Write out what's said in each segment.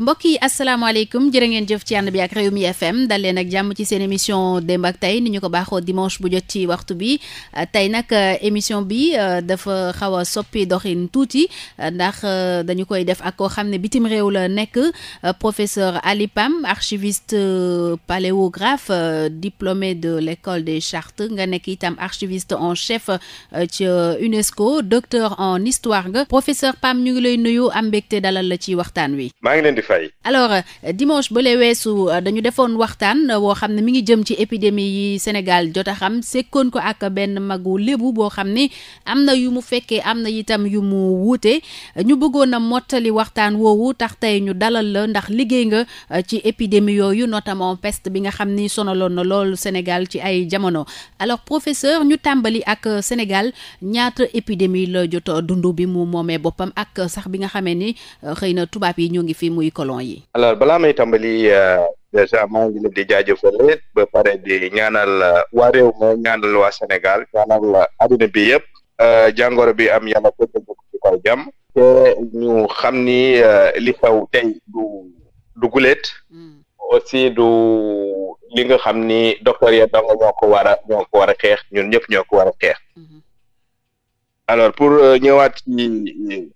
mbokk yi asalaamaaleykum jërë ngeen jëf ci ànd bi ak Rewmi FM dal leen ak jàmm ci seen émission démb ak tey ni ñu ko baaxoo dimanche bu jot ci waxtu bi euh, tey nag euh, émission bi euh, dafa xaw a soppi doxin tuuti ndax dañu koy def ak koo xam ne bitim réew la nekk professeur Ali Pam archiviste paléographe diplômé de l'école de chartes nga nekk itam archiviste en chef ci UNESCO docteur en histoire nga professeur Pam ñu ngi lay nuyu am mbégte dalal la ci waxtaan wi. di fay. alors euh, weesu euh, dañu defoon waxtaan euh, woo xam ne mi ngi jëm ci épidémie yi Sénégal jot a xam sekkoon ko ak benn magu lébu boo xam ni am na yu mu fekkee am na itam yu mu wuute ñu bëggoon a mottali waxtaan woowu tax tey ñu dalal la ndax liggéey nga ci épidémie yooyu notamment pest bi nga xam ni sonaloon na loolu Sénégal ci ay jamono alors professeur ñu tàmbali ak Sénégal ñaata épidémie la jot a dund bi mu moomee boppam ak sax bi nga xamee ni xëy na tubaab yi ñoo ngi fi muy colon yi. alors balaa may tàmbali euh, déjà maa ngi leen di jaajëfal ba pare di ñaanal euh, waa réew mi ñaanal waa Sénégal ñaanal adduna euh, bi yëpp jàngoro bi am yàlla ko ci kaw jàmm. te ñu xam ni li xew tey du du guléet hmm. aussi du li nga xam ni docteur ya dong moo ko war a xeex ñun ñëpp ñoo ko war xeex. Hmm. alors pour euh, ñëwaat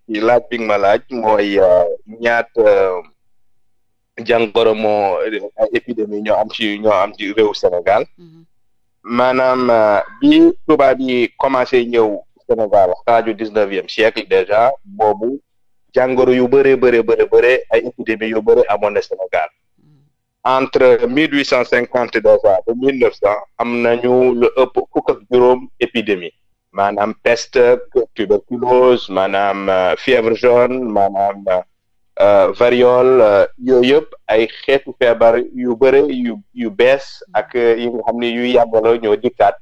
ci laaj bi ma laaj mooy euh, ñaata euh, jàngoro moo épidémie ñoo am ci ñoo am ci réew Sénégal mm-hmm. maanaam bi tubaab yi commencé ñëw Sénégal xaaju dix-neuvième siècle déjà boobu jàngoro yu bëree bëre bëre bëre ay épidémie yu bëre amoon na Sénégal mm-hmm. entre mille huit cent cinquante déjà ba mille am na ñu ëpp fukk ak juróom épidémie maanaam peste tuberculose maanaam euh, fièvre jaune maanaam euh, variole euh, yooyu ay xeetu feebar yu bëre yu yu bees ak yi xam ne yu yàggalo ñoo dikkaat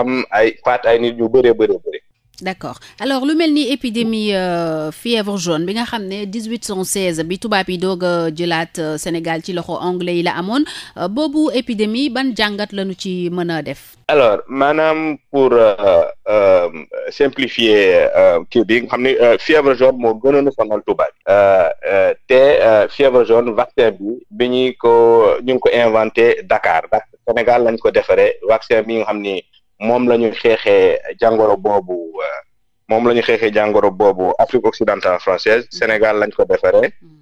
am ay faat ay nit yu bëree bëree bëri d'accord alors lu mel ni épidémie euh, fièvre jaune bi nga xam ne 1816 bi tubaab yi doog jëlaat euh, Sénégal ci loxo anglais yi la amoon euh, boobu épidémie ban jàngat lañu ci mën a def. alors maanaam pour simplifier kii bi nga xam ne fièvre jaune moo gënoon a sonal tubaab yi te fièvre jaune vaccin bi bi ñuy ko ñu ngi ko inventé Dakar Sénégal lañ ko defaree vaccin bi nga xam ni. moom la ñu xeexee jàngoro boobu euh, moom la ñu xeexee jàngoro boobu Afrique occidentale française mm. Sénégal lañ ko defaree mm.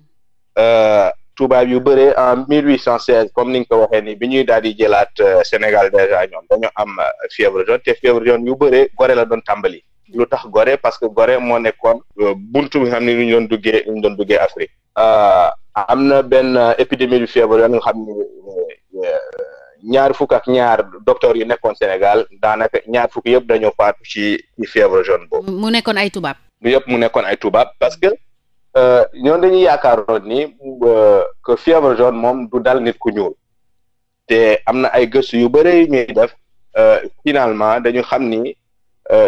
euh, tubaab yu bëree en mille huit cent seize comme ni nga ko waxee ni bi ñuy daal di jëlaat euh, Sénégal déjà ñoom dañu am fièvre jaune te fièvre jaune yu bëree Gorée la doon tàmbali. Mm. lu tax Gorée parce que Gorée moo nekkoon buntu bi nga xam ne ñu doon duggee ñu doon duggee Afrique am na benn épidémie du fièvre jaune nga ñaar fukk ak ñaar docteur yu nekkoon Sénégal daanaka ñaar fukk yëpp dañoo faatu ci ci fièvre jaune boobu. mu nekkoon ay tubaab. yëpp mu nekkoon ay tubaab parce que euh, ñoom dañuy yaakaaroon ni euh, que fièvre jaune moom du dal nit ku ñuul te am na ay gëstu yu bëre ñuy def euh, finalement dañu xam ni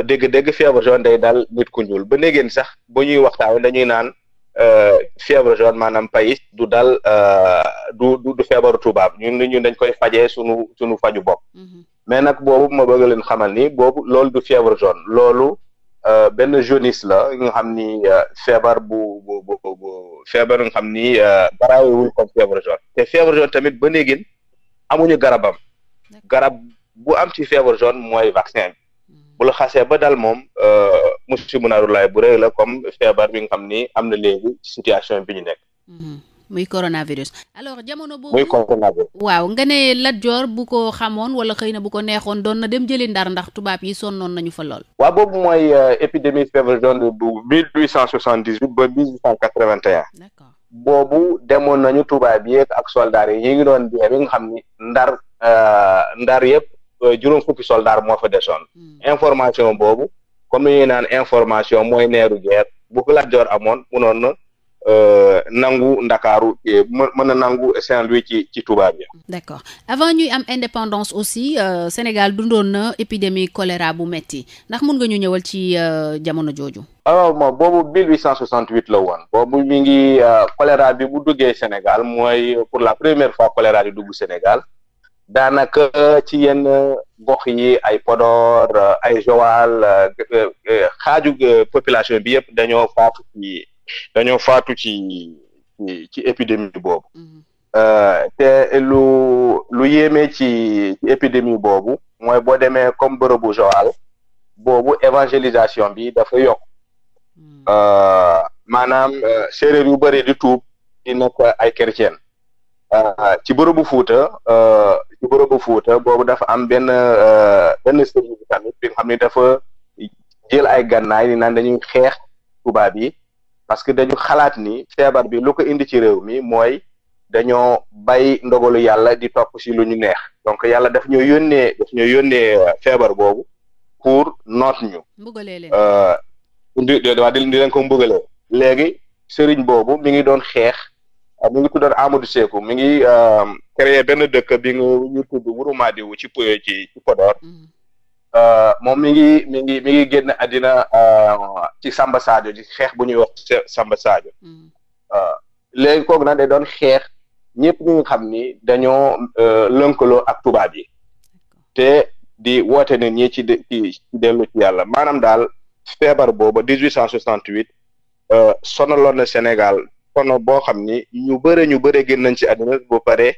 dégg-dégg fièvre jaune day dal nit ku ñuul ba léegi sax bu ñuy waxtaan dañuy naan. Euh, fièvre jaune maanaam payis du dal euh, du du du feebaru tubaab ñun ñun dañ koy fajee sunu sunu faju bopp mhm. mais nag boobu ma bëgg leen xamal ni boobu loolu du fièvre jaune loolu euh, benn jaunisse la nga xam ni feebar bu bu bu bu feebar ni baraawewul comme fièvre te fièvre jaune tamit ba léegi amuñu garabam garab bu am ci fièvre jaune mooy vaccin bu la xasee ba dal moom euh, musiba naaru laay bu rëy la comme feebar bi nga xam ni am na léegi situation bi ñu nekk. Mm-hmm. muy coronavirus. alors jamono boobu muy coronavirus. waaw nga ne Lat Joor bu ko xamoon wala xëy na bu ko neexoon doon na dem jëli ndar ndax tubaab yi sonnoon nañu fa lool. waaw boobu mooy euh, épidémie fièvre jaune bu mille huit cent soixante dix huit ba mille huit cent boobu demoon nañu tubaab yi ak soldaar yi ngi doon dee nga xam ni ndar euh, ndar yëpp. Euh, juróom fukki soldaar moo fa desoon hmm. information boobu comme ni ñuy naan information mooy neeru guerre bu ko Lat Joor amoon munoon na euh, nangu ndakaaru euh, mën na nangu Saint-Louis ci ci tubaab yi. d'accord avant ñuy am indépendance aussi euh, Sénégal dundoon na épidémie choléra bu metti ndax mun nga ñu ñëwal ci euh, jamono jooju. alors moom boobu 1868 la woon boobu mi ngi choléra bi bu duggee Sénégal mooy pour la première fois choléra di dugg Sénégal daanaka ci yenn gox yi ay Podor ay Joal xaaju population bi yëpp dañoo faatu ci dañoo faatu ci ci épidémie boobu mhm. euh, te lu lu yéeme ci ci boobu mooy boo demee comme bërëbu Joal boobu évangélisation bi dafa yokk mhm. euh, maanaam euh, séeréer yu bëri di tuub di ay chrétien ci bërëbu Fuuta ci bërëbu Fuuta boobu dafa am benn euh, benn sëriñ bi tamit bi nga xam ne dafa jël ay gànnaay ni naan dañuy xeex tubaab yi parce que dañu xalaat ni feebar bi lu ko indi ci réew mi mooy dañoo bay ndogalu yàlla di top si lu ñu neex donc yàlla daf ñoo yónnee daf ñoo yónnee euh, feebar boobu pour noot ñu euh, di waa di leen ko mbugalee léegi sëriñ boobu mi ngi doon xeex Euh, mu ngi tuddoon Amadou Sékou mi ngi euh, créé benn dëkk bi ñu ci ci ci Podor mm-hmm. euh, moom mi ngi mi ngi mi ngi génn àddina ci Samba Sadio ci xeex bu ñuy wax Samba Sadio mm-hmm. léegi kooku nag day doon xeex ñëpp ñu xam ni dañoo lënkaloo ak tubaab yi te di woote ne ñii ci ci dellu ci yàlla maanaam daal feebar booba dix huit cent soixante sonaloon na Sénégal kono boo xam ni ñu bëre ñu bëre génn nañ ci àdduna ba pare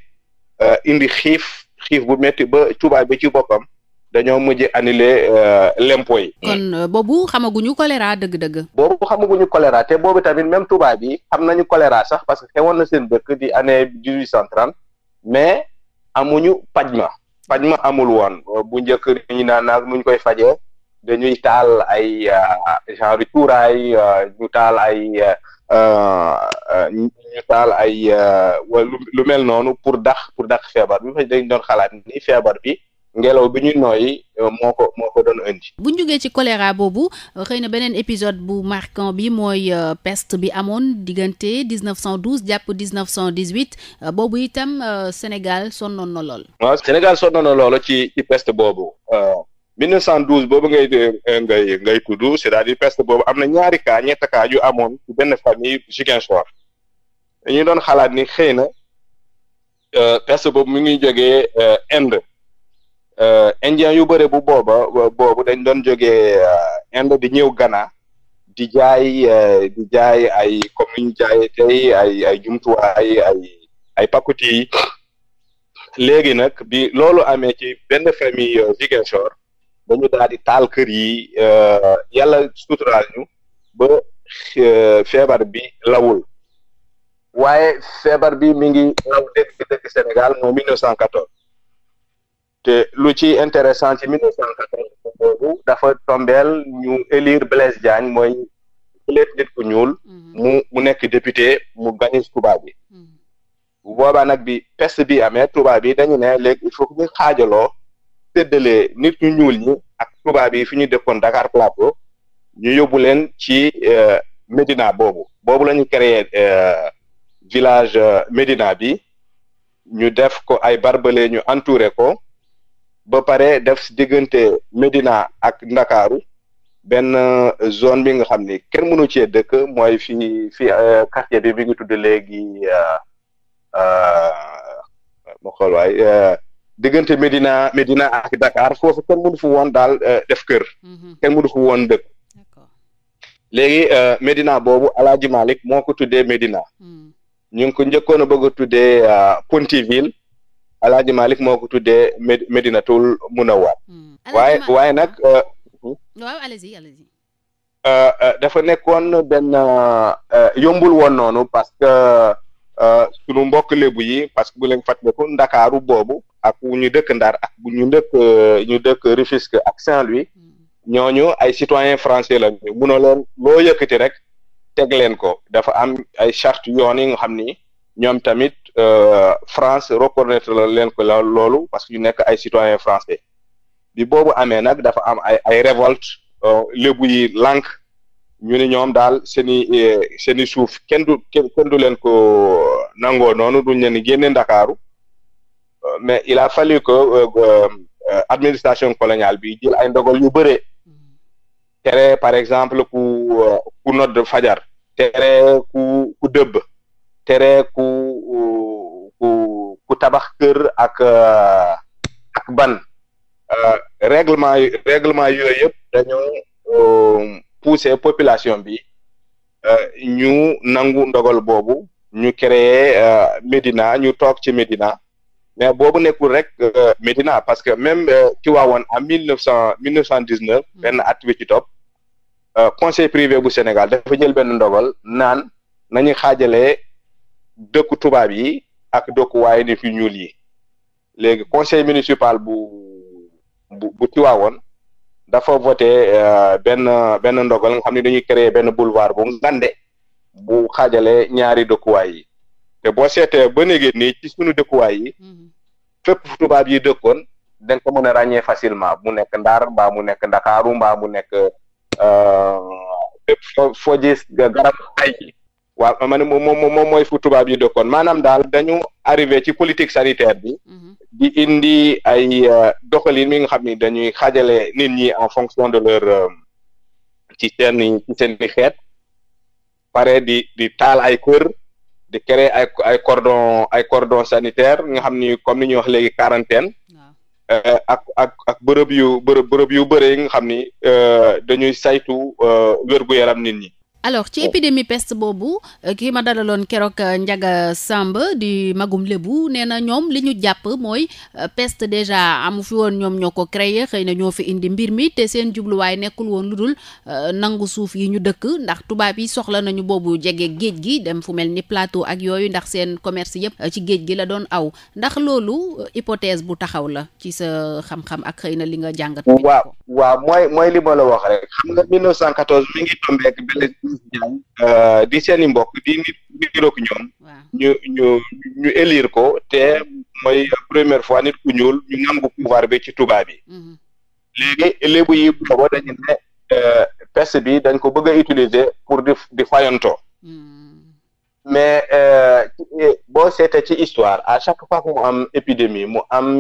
euh, indi xiif xiif bu metti ba Touba bi ci boppam dañoo mujj annulé euh, l'impôt yi. kon euh, boobu xamaguñu choléra dëgg-dëgg. boobu xamaguñu choléra te boobu tamit même Touba bi xam nañu choléra sax parce que xewoon na seen dëkk di année dix huit cent trente mais amuñu paj ma paj ma amul woon bu njëkk ñu naan naag nuñ koy faje dañuy taal ay genre cuuraay ñu taal ay. Euh, euh, ñu taal ay euh, wala lu mel noonu pour dax pour dax feebar bi dañ doon xalaat ni feebar bi ngelaw bi ñu nooyi moo ko doon indi. bu jógee ci choléra boobu xëy na beneen épisode bu marquant bi mooy peste bi amoon diggante 1912 jàpp 1918 boobu itam Sénégal sonnoon na lool. waaw Sénégal sonnoon na lool ci ci peste boobu. 1912 boobu ngay eh, ngay ngay tudd c'est-à-dire peste boobu am na ñaari cas ñetti cas yu amoon ci benn famille Ziguinchor dañuy doon xalaat ni xëy na euh, peste boobu mu ngi jógee euh, Inde euh, indien yu bëre bu booba boobu dañ doon jógee Inde di ñëw Ghana di jaay jaay ay comme ni ñu tey ay ay jumtuwaay ay ay pakuti léegi nag bi loolu amee ci benn famille Ziguinchor. dañu daal di taal kër yi euh, yàlla suturaal ñu ba euh, feebar bi lawul waaye feebar bi mi ngi law dëgg dëgg Sénégal moo 1914 te lu ci intéressant ci 1914 boobu dafa tombeel ñu élire Blaise Diagne mooy lépp nit ku ñuul mm-hmm. mu mu nekk député mu gagné Touba bi mm-hmm. boobaa nag bi pest bi amee tubaab bi dañu ne léegi il faut que xaajaloo séddalee nit ñu ñuul ñi ak tubaab yi fi ñu dëkkoon Dakar Plateau ñu yóbbu leen ci euh, Médina boobu boobu la ñu créé euh, village euh, Médina bi ñu def ko ay barbelé ñu entouré ko ba pare def si diggante Médina ak Ndakaaru benn zone bi nga xam ni kenn mënu cee dëkk mooy fi fi quartier bi bi ngi tudd léegi ma xool waay diggante Medina Medina ak Dakar foofu kenn mënu fu woon daal euh, def kër mhm. kenn mënu fu woon dëkk léegi euh, Medina boobu Alaaji Malick moo ko tuddee Medina mhm. ñu ngi ko njëkkoon a bëgg a tuddee euh, Pontiville Alaaji Malick moo ko tuddee Medinatul Munawwar mhm. waaye waaye nag hmm? waaw dafa nekkoon yombul woon noonu parce que sunu mbokk lébu yi parce que bu leen fàttaliku Ndakaaru boobu ak ñu dëkk ndaar ak ñu dëkk ñu dëkk Rufisque ak Saint-Louis mm. ñooñu ay citoyen français la ñu mun a leen loo yëkkati rek teg leen ko dafa am ay charte yoon yi nga xam ni ñoom tamit euh, France reconnaître leen ko loolu parce que ñu nekk ay citoyen français bi boobu amee nag dafa am ay ay révolte euh, lébu yi lànk ñu ni ñoom daal seeni euh, seeni suuf kenn du kenn leen ko nangoo noonu duñ leen génne Ndakaaru mais il a fallu que euh, euh, euh, administration coloniale bi jël ay ndogal yu bëree tere par exemple ku ku nodd fajar tere ku ku tere ku ku ku tabax kër ak ak ban règlement règlement yooyu yëpp dañoo pousser population bi ñu nangu ndogal boobu ñu créer Médina ñu toog ci Médina mais boobu nekkul rek euh, Médina parce que même euh, Tivaouane en mille neuf cent mille neuf cent dix neuf mm. benn at wi ci topp euh, conseil privé bu Sénégal dafa jël benn ndogal naan nañu xaajalee dëkku tubaab yi ak dëkku waaye ni fi ñuul yi léegi conseil municipal bu bu bu Tivaouane dafa voté benn benn ndogal nga xam ne dañuy créer benn boulevard bu ngande bu xaajale ñaari dëkkuwaay yi te seetee ba négee nii ci suñu dëkkuwaay yi mhm. fépp fu tubaab yi dëkkoon dañ ko mën a ràññee facilement mu nekk Ndar mbaa mu nekk Ndakaaru mbaa mu nekk euh, fépp foo foo gis garab ay waaw ma ne moom moom mooy fu tubaab yi dëkkoon maanaam daal dañu arrivé ci politique sanitaire bi mhm. di indi ay euh, doxalin mi nga xam ni dañuy xaajale nit ñi en fonction de leur euh, ci seen ci i xeet pare di di taal ay kër di créer ay ay cordon ay cordon sanitaire nga xam ni comme ni ñuy wax léegi quarantaine euh, ak ak ak bërëb yu bërëb bërëb yu bëre yi nga xam ni euh, dañuy saytu euh, wér-gu-yaram nit ñi alors ci oh. épidémie peste boobu euh, ki ma dalaloon keroog euh, Ndiaga Samb di magum lébu nee na ñoom li ñu jàpp mooy euh, peste déjà amu fi woon ñoom ñoo ko créé xëy na ñoo fi indi mbir mi te seen jubluwaay nekkul woon lu dul nangu suuf yi ñu dëkk ndax tubaab yi soxla nañu boobu jege géej gi dem fu mel ni plateau ak yooyu ndax seen commerce yëpp ci géej gi la doon aw ndax loolu hypothèse bu taxaw la ci sa xam-xam ak xëy na li nga jàngat. waaw waaw mooy mooy li Euh, di seeni mbok mbokk di nit niroog ñoom ñu ñu élire ko te mooy première fois nit ku ñuul ñu nangu pouvoir bi ci tubaab yi mm-hmm. léegi lébu yi booba dañu ne euh, peste bi dañ ko bëgg a utiliser pour di di mm-hmm. mais euh, boo seetee ci histoire à chaque fois que mu am épidémie mu am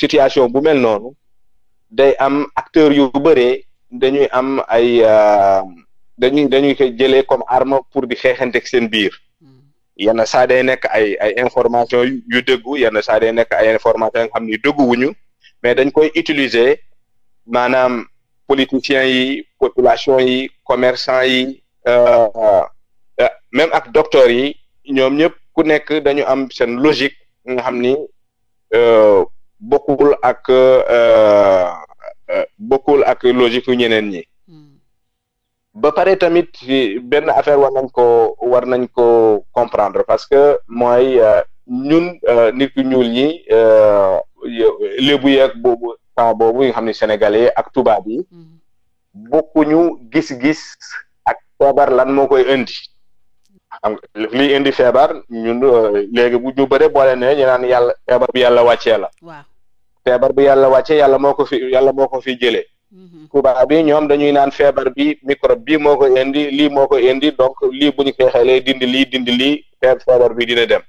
situation bu mel noonu day am acteurs yu bëree dañuy am ay euh, dañuy dañuy koy jëlee comme arme pour di xeexanteeg seen biir hmm. yenn saa day nekk ay ay information yu dëggu yenn saa day nekk ay information yoo xam ni dëgguwuñu mais dañ koy utiliser maanaam politiciens yi population yi commerçant yi euh, euh, même ak docteurs yi ñoom ñëpp ku nekk dañu am seen logique nga xam ni bokkul ak bokkul ak logique yu ñeneen ñi ba pare tamit benn affaire war nañ ko war nañ ko comprendre parce que mooy euh, ñun euh, nit ku ñuul ñi euh, lébu yeeg boobu temps boobu nga xam ne sénégalais ak tubaab yi mm-hmm. bokkuñu gis-gis ak feebar lan moo koy indi am indi feebar ñun léegi bu ñu bëre boole ne ñu naan yàlla feebar bi yàlla wàccee feebar bi yàlla wàcce yàlla moo ko fi yàlla moo ko fi jëlee mhm. Kuba bi ñoom dañuy naan feebar bi microbe bi moo ko indi lii moo ko indi donc lii bu ñu xeexalee dindi lii dindi lii feebar bi dina dem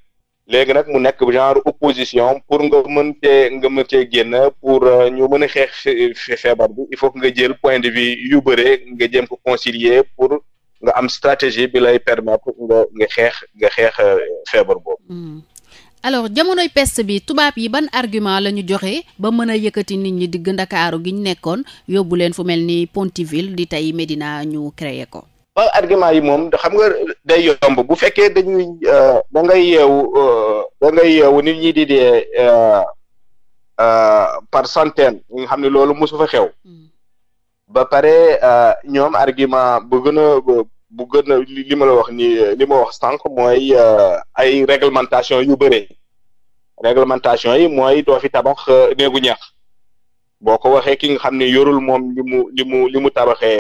léegi nag mu nekk genre position pour nga mën cee nga mën cee génn pour euh, ñu mën a xeex feebar bi il faut nga jël point de vue yu bëree nga jëm ko concilier pour nga am stratégie bi lay permettre nga nga xeex nga xeex euh, feebar boobu mhm. alors jamonoy peste bi tubaab yi ban argument la ñu joxe ba mën a yëkkati nit ñi digg ndakaaru gi ñu nekkoon yóbbu leen fu mel ni Pontiville di tey médina ñu créé ko. waaw argument yi moom xam nga day yomb bu fekkee dañuy euh, da ngay yeewu euh, ngay yeewu nit ñi di dee euh, par centaine nga xam ne loolu mosu fa xew. Hmm. ba pare ñoom argument bu gën bu gën a li ma la wax ni li ma wax sànq mooy euh, ay réglementation yu bëre réglementation yi mooy doo fi tabax euh, néegu ñax boo ko waxee ki nga xam ne yorul moom li mu li mu li mu tabaxee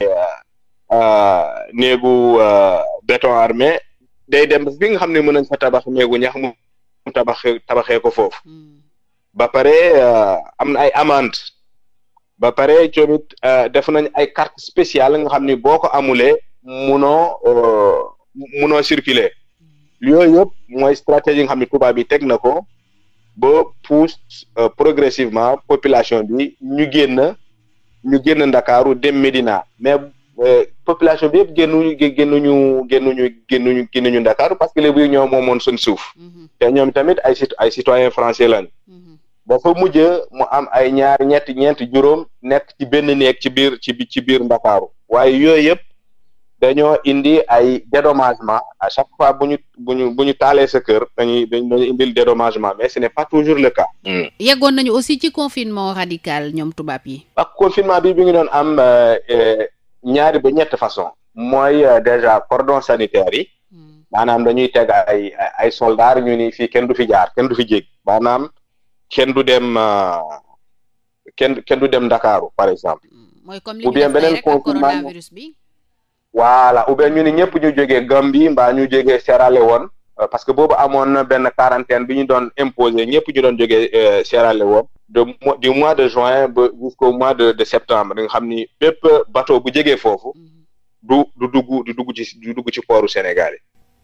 euh, néegu béton armé day dem fi nga xam ne mën nañ fa tabax néegu ñax mu tabax tabaxee ko foofu hmm. ba pare am na ay amende ba pare coomit def nañ ay carte spéciale nga xam ni boo ko amulee munoo euh, munoo circuler yooyu yëpp mooy stratégie nga xam ne tubaab bi teg na ko ba pousse euh, progressivement population bi ñu génn ñu génn Ndakaaru dem Médina mais euh, population bi yëpp génnuñu génnuñu génnuñu génnuñu génnuñu Ndakaaru parce que léegi bu ñoo moomoon seen suuf mm-hmm. te ñoom tamit ay ay citoyen français lañ mm-hmm. ba fa mujj mu am ay ñaar ñetti ñeent juróom nekk ci benn néeg ci biir ci ci biir Ndakaaru waaye yooyu yëpp dañoo indi ay dédommagement à chaque fois bu ñu bu ñu bu ñu taalee sa dañuy dañuy indil dédommagement mais ce n'est pas toujours le cas. Hmm. yegoon nañu aussi ci confinement radical ñoom tubaab yi. ak confinement bi bi ngi doon am euh, euh, ñaari ba ñett façon mooy euh, déjà cordon sanitaire yi. Hmm. maanaam dañuy teg ay ay soldats ñu ni fii kenn du fi jaar kenn du fi jéggi maanaam kenn du dem kenn kenn du dem Ndakaaru par exemple. Hmm. mooy comme li ñu def rek ak coronavirus voilà ou bien ñu ni ñëpp ñu jógee Gambie mbaa ñu jege Sierra Leone euh, parce que boobu amoon na benn quarantaine bi ñu doon imposé ñëpp ñu doon jógee euh, Sierra Leone de du mois de juin ba jusqu'au mois de de septembre nga xam ni bépp bateau bu jegee foofu mm-hmm. du du dugg du dugg ci du dugg ci pooru Sénégal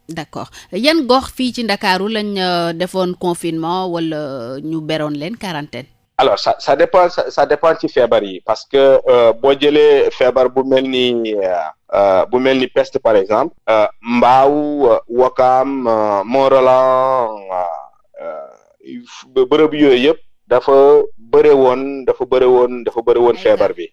yi d'accord yan gox fii ci Ndakaaru lañ euh, defoon confinement wala ñu beroon leen quarantaine alors ça ça dépend ça, ça dépend ci feebar yi parce que euh, boo jëlee feebar bu mel ni euh, euh, bu mel ni peste par exemple euh, euh wokam wakaam Mont-Roland bërëb yooyu yëpp dafa bëre woon dafa bëre woon dafa bëre woon feebar bi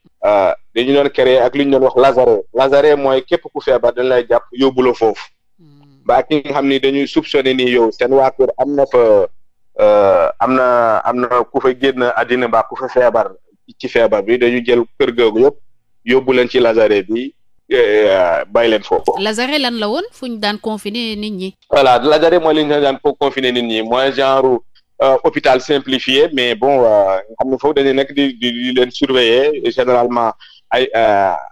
dañu doon créer ak li ñu doon wax lazaret lazaret mooy képp ku feebar dañ lay jàpp yóbbu la foofu hmm. ba nga xam ni dañuy soupçonné ni yow seen waa kër am na Euh, am na am na ku fa génn àddina mbaa ku fa feebar ci feebar bi dañu jël kër googu yëpp yóbbu leen ci lazaret bi eh, eh, bay leen foofu. lazaret lan la woon fu ñu daan confiner nit ñi. voilà lazaret mooy li ñu daan confiner nit ñi mooy genre euh, hôpital simplifié mais bon euh, nga xam ne foofu dañuy nekk di leen surveiller généralement. ay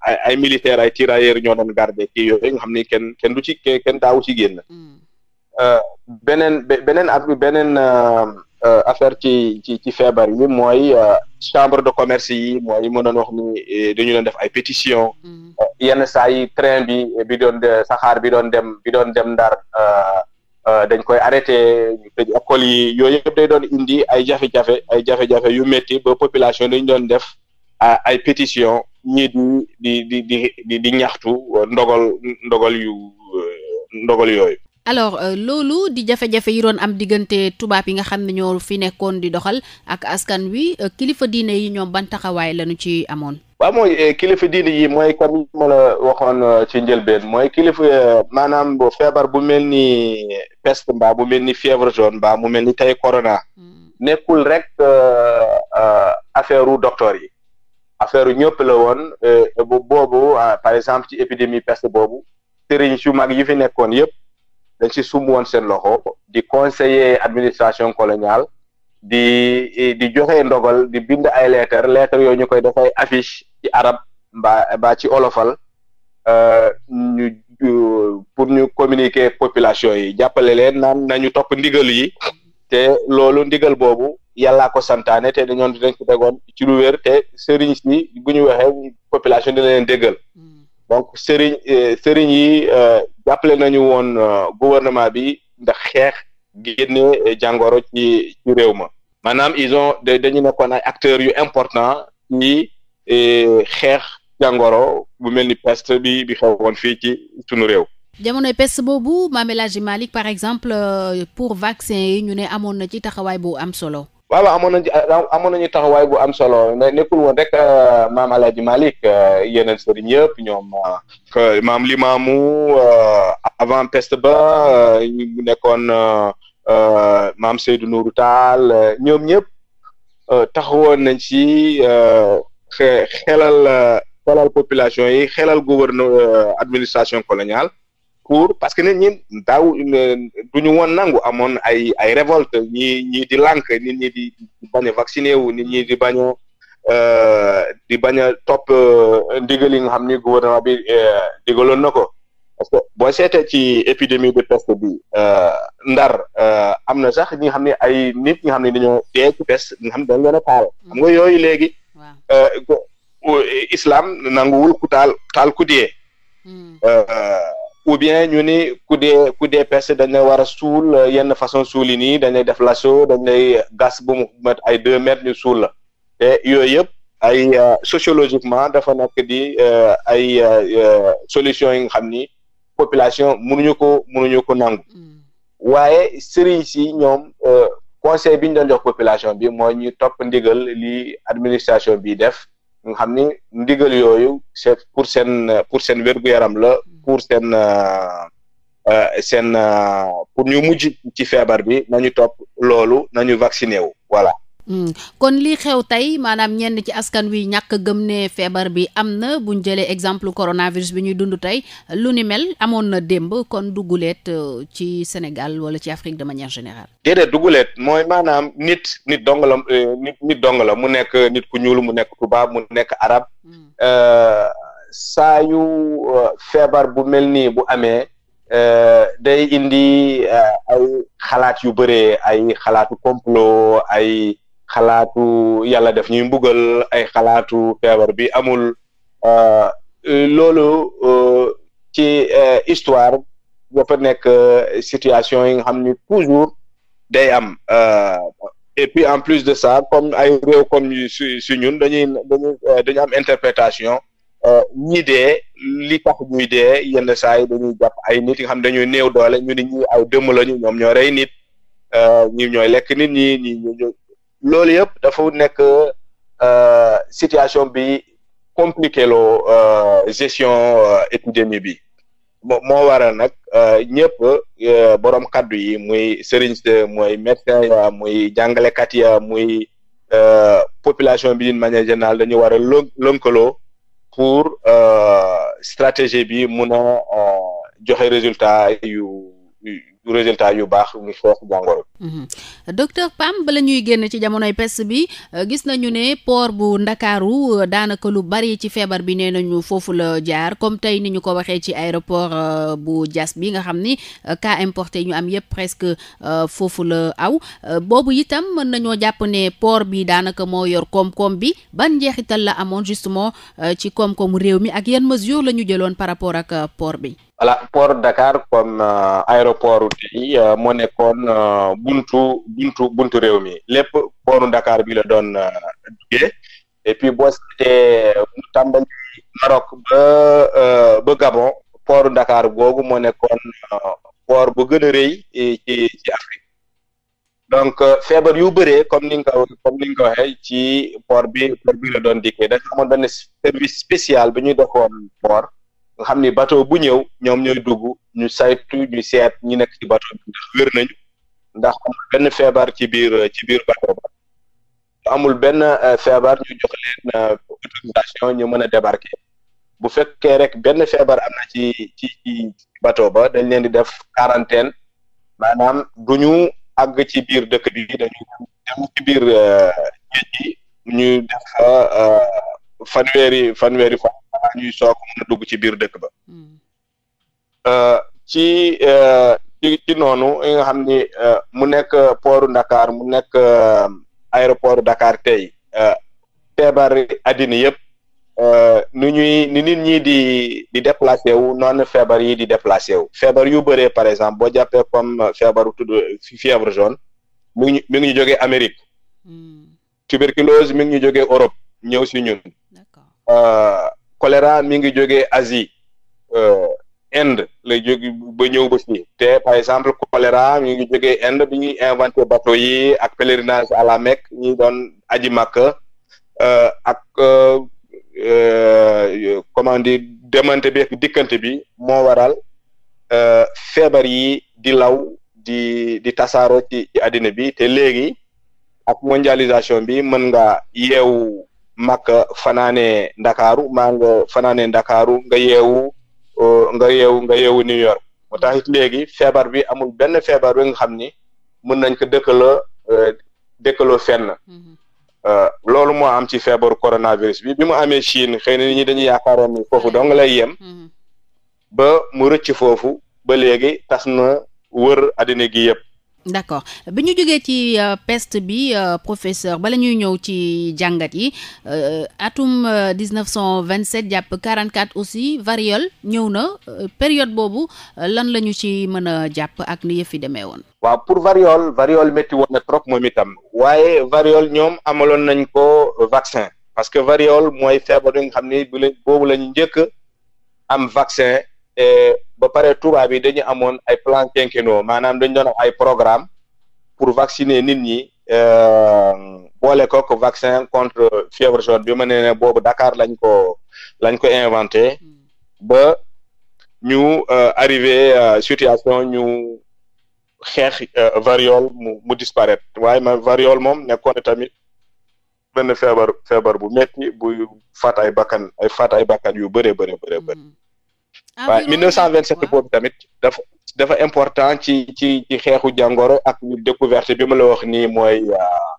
ay ay militaire ay tirailleurs ñoo doon garder kii yooyu nga xam ni kenn kenn du ci kenn taawu ci génn. Hmm. beneen beneen ab beneen euh, euh, affaire ci ci ci feebar yi mooy euh, chambre de commerce yi mooy mu doon wax ni eh, dañu doon def ay pétition mm-hmm. yenn saa yi train bi doon saxaar bi doon dem bi doon dem ndar dañ koy arrêté ñu tëj école yi yooyu yëpp day doon indi ay jafe-jafe ay yu métti ba population dañu doon def ay pétition ñii di di di di di ndogal ndogal yu ndogal yooyu alors euh, loolu di jafe-jafe yi roon am diggante tubaab yi nga xam ne ñoo fi nekkoon di doxal ak askan wi euh, kilifa diine yi ñoom ban taxawaay lañu ci amoon. waaw mooy euh, kilifa diine yi mooy comme ma la waxoon ci njëlbeen mooy kilifa maanaam feebar bu mel ni peste mbaa bu mel ni fièvre mbaa mu mel ni tey corona. Hmm. nekkul rek affaire u docteur yi. affaire yu ñëpp la woon boobu ah, par exemple ci épidémie peste boobu sëriñ su mag yi fi nekkoon yëpp. dañ si sumb woon seen loxo di conseiller administration coloniale di eh, di joxe ndogal di bind ay lettre lettre yooyu ñu koy dafay affiche ci arab mbaa mbaa ci olofal euh, ñu euh, pour ñu communiquer population yi jàppale leen na ñu topp ndigal yi te loolu ndigal boobu yàllaa ko santaane te dañoon dinañ ko tegoon ci lu wér te sëriñ si bu ñu waxee population dina leen dégal hmm. donc sëriñ euh, sëriñ yi euh, jàppale nañu woon euh, gouvernement bi ndax xeex génne jàngoro ci réew ma maanaam ils ont dañu nekkoon ay acteurs yu important ci xeex jàngoro bu mel ni peste bi bi xewoon fii ci sunu réew. jamonoy peste boobu Mame El Hadji par exemple pour vaccin yi ñu ne amoon na ci taxawaay bu am solo. waaw amoon nañu amoon nañu taxawaay bu am solo nekkul woon rek euh, maam El Hadj Malick euh, yeneen sëriñ yëpp ñoom euh, maam Limaamu avant peste ba ñu nekkoon maam Seydou Nourou Taal ñoom ñëpp taxawoon nañ si xelal xelal population yi xelal gouverneur administration coloniale. cour parce que nit ñi daaw du ñu woon nangu amoon ay ay révolte ñi ñi di lànk nit ñi di bañ a vacciné wu nit ñi di bañ euh, di bañ a topp euh, yi nga xam ni gouvernement bi euh, digaloon na ko parce que boo seetee ci épidémie de peste bi ndar am na sax ñi nga xam ne ay nit ñi nga xam ne dañoo dee ci peste nga xam ne dañ leen a taal xam nga yooyu léegi islam nanguwul ku taal taal ku ou bien ñu ni ku dee ku dee peste dañ lay war a suul euh, yenn façon suul yi nii dañ lay def lasso dañ lay euh, gas bu mu mat ay deux mètres ñu suul la te yooyu yëpp ay euh, sociologiquement dafa nekk di ay solution yi nga xam ni population mënuñu ko mënuñu ko nangu mm. waaye sëriñ si ñoom conseil bi ñu doon jox population bi mooy ñu topp ndigal li administration bi def nga xam ni ndigal yooyu c'est pour seen pour seen wér-gu-yaram la pour seen euh, euh, seen euh, pour ñu mujj ci feebar bi nañu top loolu nañu vacciné wu voilà. Hmm. kon lii xew tey maanaam ñenn ci askan wi ñàkk gëm ne feebar bi am na buñ jëlee exemple coronavirus bi ñuy dund tey lu ni mel amoon na démb kon dugguleet ci Sénégal wala ci Afrique de manière générale. déedéet dugguleet mooy maanaam nit nit dong la nit nit mu nekk nit ku ñuul mu nekk tubaab mu nekk arab. Hmm. saa yu euh, feebar bu mel nii bu amee euh, day indi euh, ay xalaat yu bëree ay xalaatu complot ay xalaatu yàlla def ñuy mbugal ay xalaatu feebar bi amul loolu ci histoire dafa nekk situation yi nga xam ni toujours day am et puis en plus de sa comme ay réew comme su ñun dañuy dañuy dañu am interprétation ñi dee li tax ñuy dee yenn saa yi dañuy jàpp ay nit yi nga xam dañuy néew doole ñu ni ñi ay dëmm lañu ñoom ñoo rey nit euh, ñi ñooy lekk nit ñi ñi ñu loolu yëpp dafa nekk euh, situation bi compliqué loo euh, gestion épidémie bi moo moo waral nag ñëpp borom kaddu yi muy sëriñ mooy médecin ya muy jàngalekat ya muy population bi d'une manière générale dañu war a pour euh, stratégie bi mun a euh, joxe résultat yu résultat yu baax ngi foofu jàngoro mhm. docteur Pam bala ñuy génn ci jamonoy pest bi euh, gis nañu ne poor bu ndakaaru euh, daanaka lu bari ci feebar bi nee nañu foofu la jaar comme tey ni ñu ko waxee ci aéroport euh, bu jaas bi nga xam ni cas importé ñu am yépp presque foofu la aw boobu itam mën nañoo jàpp ne port bi daanaka moo yor koom-koom bi ban njeexital la amoon justement ci koom-koomu réew mi ak yan mesure la ñu jëloon par rapport ak port bi voilà port Dakar comme euh, aéroport tey euh, moo nekkoon euh, buntu buntu buntu réew mi lépp portu Dakar bi la doon duggee et puis boo seetee mu tàmbali Maroc ba ba Gabon port Dakar googu moo nekkoon port bu gën a rëy ci ci Afrique donc feebar yu bëree comme ni nga ko comme ni nga ko waxee ci port bi bi la doon dikkee dafa amoon benn service spécial bi ñuy doxoon nga xam ni bateau bu ñëw ñoom ñooy dugg ñu saytu ñu seet ñu nekk ci bateau bi ndax wér nañu ndax amul benn feebar ci biir ci biir bateau ba amul benn euh, feebar ñu jox leen euh, ñu mën a débarquer bu fekkee rek benn feebar am ci ci ci bateau ba dañ leen di def quarantaine maanaam du ñu àgg ci biir dëkk bi dañu biir euh, géej gi ñu def fanweeri fanweeri laataa ñuy soog mën a dugg ci biir dëkk ba hmm. euh, ci euh, ci ci noonu i nga xam ni euh, mu nekk poru Dakar mu nekk aéroport Dakar tey feebar addina yëpp nu ñuy ni nit ñi di di déplacé wu noonu feebar yi di déplacé wu feebar yu bëree par exemple boo jàppee comme feebaru tudd fièvre jaune mi ngi mi ngi ñu jógee Amérique hmm. mi ngi joge jógee Europe ñëw si ñun choléra mi ngi jógee Asie euh, Inde lay jóge ba ñëw te par exemple choléra mi ngi jógee Inde bi ñuy inventé bateau yi ak pèlerinage à la Mecque ñi doon aji Makka euh, ak euh, comment dire demante bi ak bi moo waral feebar yi di law di di tasaaroo ci ci àddina bi te léegi ak mondialisation bi mën nga yeewu mak fanaane ndakaaru maa nga fanaane ndakaaru nga yeewu nga yeewu nga yeewu New York moo tax it léegi feebar bi amul benn feebar bi nga xam ni mën nañ ko dëkkaloo e, dëkkaloo fenn mhm. e, loolu moo am ci feebaru coronavirus bi bi mu amee Chine xëy na nit ñi dañuy yaakaaroon ni foofu dong lay yem mhm. ba mu rëcc foofu ba léegi tas na wër àddina gi yëpp d' accord bi ñu jógee ci euh, peste bi euh, professeur bala ñuy ñëw ci jàngat yi euh, atum 1927 jàpp 44 aussi variole ñëw na période boobu lan la ñu ci mën a jàpp ak ni yëf demee woon. waaw pour variole variole métti woon na trop moom itam waaye variole ñoom amaloon nañ ko vaccin parce que variole mooy feebar bi nga xam ni bu la boobu la njëkk am vaccin. Eh, ba pare tubaab yi dañu amoon ay plan quinquennaux maanaam dañu doon ay programme pour vacciner nit ñi euh, boole ko vaccin contre fièvre jaune bi ma nee ne boobu Dakar lañ ko lañ ko inventé hmm. ba ñu euh, arrivé euh, situation ñu xeex variol mu mu disparaître waaye ma variol moom nekkoon tamit benn feebar feebar bu metti buy faat ay bakkan ay faat ay bakkan yu bëree bëree bëree hmm. Ah, waa cent vingt 1927 boobu tamit dafa dafa important ci ci xeexu jàngoro ak découverte bi ma la wax nii mooy euh,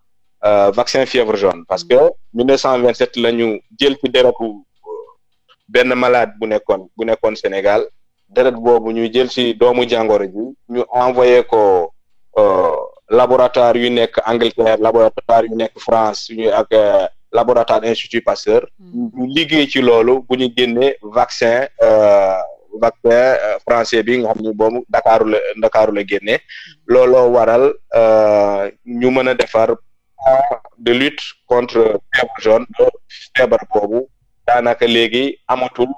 euh, vaccin fièvre jaune parce mm. que 1927 la ñu jël ci deretu euh, benn malade bu nekkoon bu nekkoon Sénégal deret boobu ñu jël ci doomu jàngoro ju ñu envoyé ko laboratoire yu nekk Angleterre laboratoire yu nekk France yu ak laboratoire institut Pasteur. Hmm. ñu liggéey ci loolu bu ñu génnee vaccin euh, vaccin euh, français bi nga xam ni boobu Dakar la Dakar la génnee hmm. looloo waral euh, ñu mën a defar de lutte contre fièvre jaune feebar boobu daanaka léegi amatul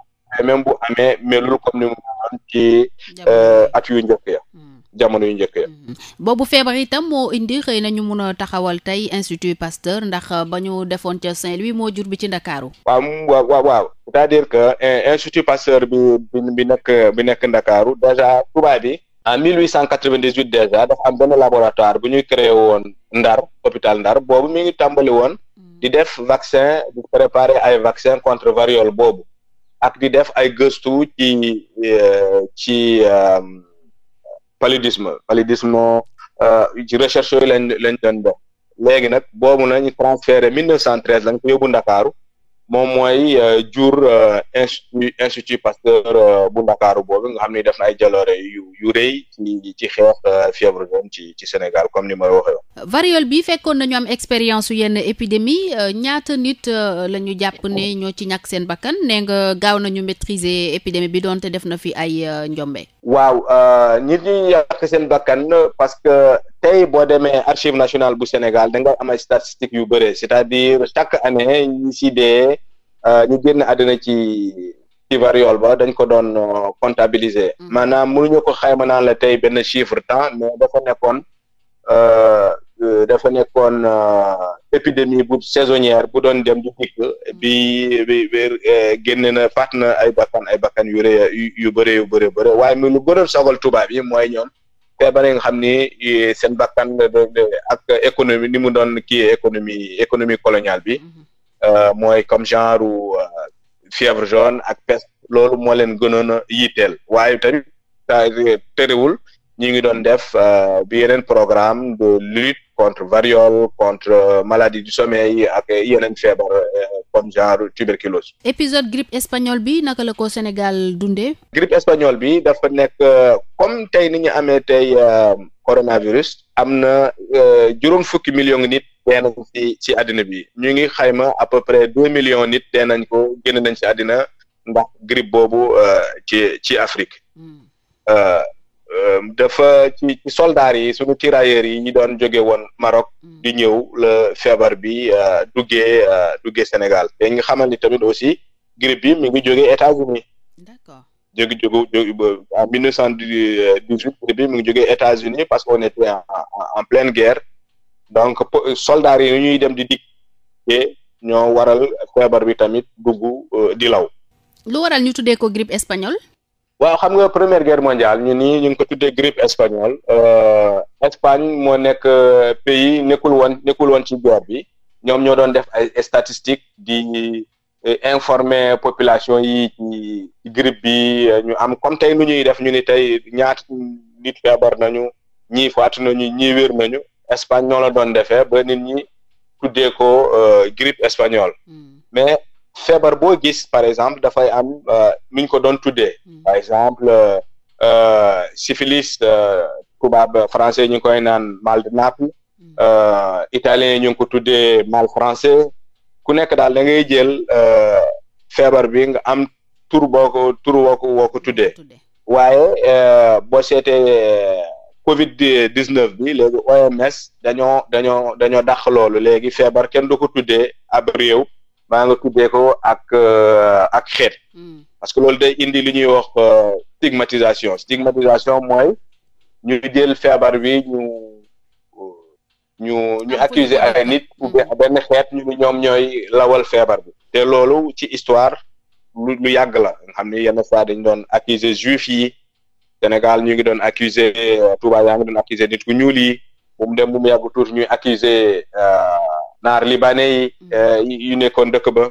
même bu amee comme ni mu ci at yu jamono yu njëkk ya mhm. boobu feebar itam moo indi xëy na ñu mun a taxawal tey institut Pasteur ndax euh, ba ñu defoon ca Saint-Louis moo jur bi ci Ndakaaru waaw waaw waaw cest à que eh, institut Pasteur bi bi nekk bi nekk Ndakaaru déjà tubaab bi en 1898 déjà dafa am benn laboratoire bu ñuy créé woon Ndar hôpital Ndar boobu mu ngi tàmbali woon mhm. di def vaccin di ay vaccin contre variole boobu ak di def ay gëstu ci euh, ci euh, paludisme paludisme euh, ci recherche yooyu lañ lañ bo dox léegi nag boobu nañu transféré 1913 lañ ko yóbbu Ndakaaru moom mooy euh, jur euh, institut institut Pasteur euh, bu Ndakaaru boobu nga xam ni def na ay jaloore yu yu rëy ci ci xeex fièvre jaune ci ci Sénégal comme ni ma waxee variole bi fekkoon nañu am expérience yenn épidémie ñaata nit la ñu jàpp ne ñoo ci ñàkk seen bakkan nee nga gaaw nañu maîtriser épidémie bi doonte def na fi ay njombe. waaw nit ñi ñàkk seen bakkan parce que. tey boo demee archive nationale bu Sénégal danga nga am ay yu bëre c'est-à-dire chaque année ñi si dee euh, ñu génn àddina ci ci variole ba dañ ko doon euh, comptabiliser mm-hmm. maanaam mënuñu ko xayma naan la tey benn chiffre temps mais dafa nekkoon euh, dafa nekkoon épidémie bu saisonnière bu doon dem du dikk mm-hmm. bi bi génn na faat na ay bakkan ay bakkan yu rëy yu bëre yu bëre bëre waaye mi lu gën a sogal tubaab yi mooy ñoom feebar yi nga xam ni seen bakkan ak économie ni mu doon kii économie économie coloniale bi mm-hmm. euh, mooy comme genre euh, fièvre jaune ak peste loolu moo leen gënoon a yitteel waaye tamit terewul ñu ngi doon def euh, bi yeneen programme de lutte contre variole contre euh, maladie du sommeil ak yeneen feebar euh, comme genre tuberculose. épisode grippe espagnole bi naka la ko Sénégal dundee. grippe espagnole bi dafa nekk euh, comme tey ni ñu amee tey coronavirus am na juróom fukki million nit. dee nañ ci ci àddina bi ñu ngi xayma à peu près deux millions nit dee nañ ko génn nañ ci àddina ndax grippe boobu ci ci Afrique. Hmm. Euh, dafa ci ci soldaar yi suñu tirailleurs yi ñi doon jóge woon Maroc mm. di ñëw la feebar bi euh, duggee euh, duggee Sénégal te nga xamal tamit aussi grippe bi mi ngi jógee États-Unis d'accord jóge jóge en mille neuf dix-huit grippe bi mi ngi jógee États-Unis parce que était en en pleine guerre donc soldaar yi ñuy dem di dikk te ñoo waral feebar bi tamit dugg di law lu waral ñu tuddee ko grippe espagnole waaw xam nga première guerre mondiale ñu nii ñu ngi ko tuddee grippe espagnole euh, Espagne moo nekk euh, pays nekkul woon nekkul woon ci guerre bi ñoom ñoo doon def ay statistiques di euh, informer population yi ci grippe bi ñu am comme tey nu ñuy def ñu ni tey ñaat nit feebar nañu ñii faatu nañu ñii wér nañu Espagne ñoo la doon defee ba nit ñi tuddee ko grippe espagnole hmm. mais feebar boo gis par exemple dafay am euh, nuñ ko doon tuddee hmm. par exemple euh, syphilis euh, tubaab français ñu ngi koy naan mal de Naples hmm. italien ñu ngi ko tuddee mal français ku nekk daal da ngay jël feebar bi nga am tur boo ko tur woo ko woo ko tuddee waaye boo seetee covid dix neuf bi léegi OMS dañoo dañoo dañoo dàq loolu léegi feebar kenn du ko tuddee ab réew maa nga ko ak euh, ak xeet hmm. parce que lol day indi li ñuy wax euh, stigmatisation stigmatisation mooy ñu jël feebar bi ñu ñu ñu accuser ay nit hmm. u bien benn xeet ñu ni ñoom ñooy lawal feebar bi te loolu ci histoire lu lu yàgg la xam ni yenn fois dañ doon accuser juif yi Sénégal ñu ngi doon accuser euh, Touba yaa ngi doon accuser nit ku ñuul yi bu mu dem bu mu yàgg tuuti ñuy accuser naar libanais yi mm. eh, yu nekkoon dëkk ba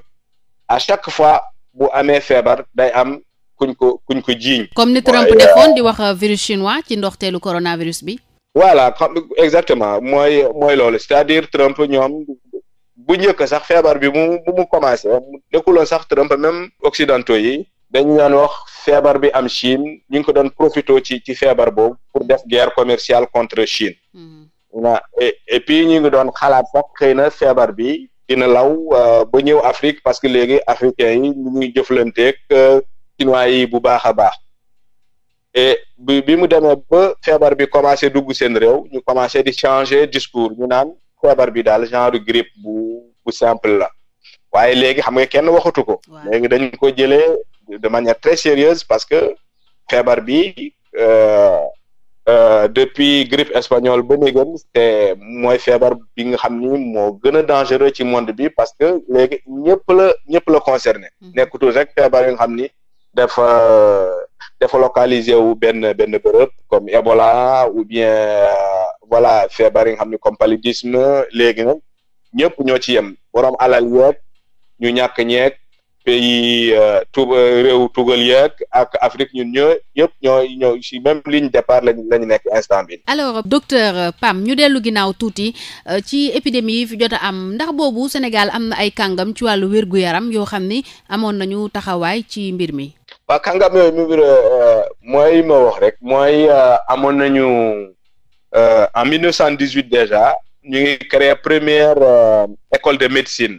a chaque fois bu amee feebar day am kuñ ko kuñ ko jiiñ comme ni Trump defoon di wax euh, virus chinois ci ndoxteelu coronavirus bi voilà exactement mooy mooy loolu c'est-à-dire Trump ñoom bu njëkk sax feebar bi mu bu mu commencé nekkuloon sax Trump même occidentaux yi dañu daan wax feebar bi am Chine ñu ngi ko doon profité ci ci feebar boobu pour def guerre commerciale contre Chine mm. na et puis ñu ngi doon xalaat sax xëy na feebar bi dina law euh, ba ñëw Afrique parce que léegi africains yi ñu ngi jëflanteeg euh, chinois bu baax a baax et bi bi mu demee ba feebar bi commencé dugg seen réew ñu commencé di changer discours ñu naan feebar bi daal genre grippe bu bu simple la waaye léegi xam nga kenn waxatu ko. léegi dañ ko jëlee de manière très sérieuse parce que feebar bi. Euh, Euh, depuis grippe espagnole ba néegam mooy feebar bi nga xam ni moo gën a dangereux ci monde bi parce que léegi ñëpp la ñëpp la concerné hmm. nekkutul rek feebar yi nga xam ni dafa dafa localisé wu benn benn bërëb comme Ebola ou bien euh, voilà feebar yi nga xam ni comme paludisme léegi nag ñëpp ñoo ci yem borom alal yeeg ñu ñàkk ñeeg pays euh, Touba euh, réew tugal yeeg ak Afrique ñun ñoo yëpp ñoo ñoo si même ligne départ lañ lañu nekk instant bi alors docteur euh, Pam ñu dellu ginnaaw tuuti ci épidémie yi fi jot am ndax boobu Sénégal am na ay kàngam ci wàllu wér-gu-yaram yoo xam ni amoon nañu taxawaay ci mbir mi. waa kàngam yooyu mu mooy ma wax rek mooy amoon nañu en 1918 déjà ñu ngi créé première école de médecine.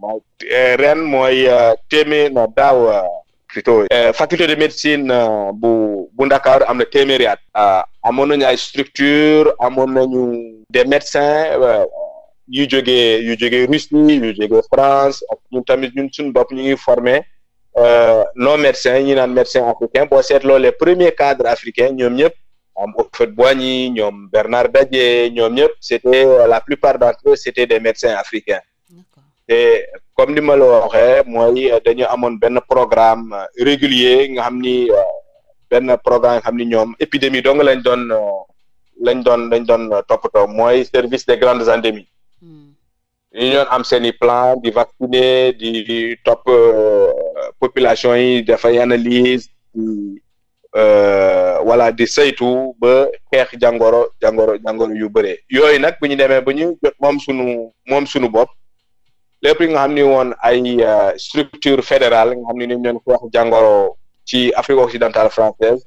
mooy eh, ren mooy eh, téeméer na daaw eh, plutôt faculté de médecine bu bu Ndakaaru am na téeméeri at amoon nañu ay structure amoon nañu des médecins yu jógee yu jógee Russie yu jógee France ak ñun tamit ñun suñu bopp ñu ngi formé non médecins ñu naan médecin africain boo seetloo les premiers cadres africains ñoom ñëpp am Houphouët-Boigny ñoom Bernard Dadié ñoom ñëpp c'était la plupart d'entre eux c'était des médecins africains te comme ni ma la waxee mooy dañu amoon benn programme euh, régulier nga xam ni euh, benn programme nga xam ni ñoom épidémie dong lañ doon euh, lañ doon lañ doon toppatoo mooy service des grandes endémies hmm. ñu ñoon am seen i plan di vacciner di topp population yi dafay analyse di wala di saytu ba xeex jàngoro jangoro jàngoro yu bëree yooyu nag bu ñu demee ba ñu moom sunu moom sunu bopp lépp li nga xam ni woon ay euh, structure fédéral nga xam ni ñu leen ko wax jàngoro ci Afrique occidentale française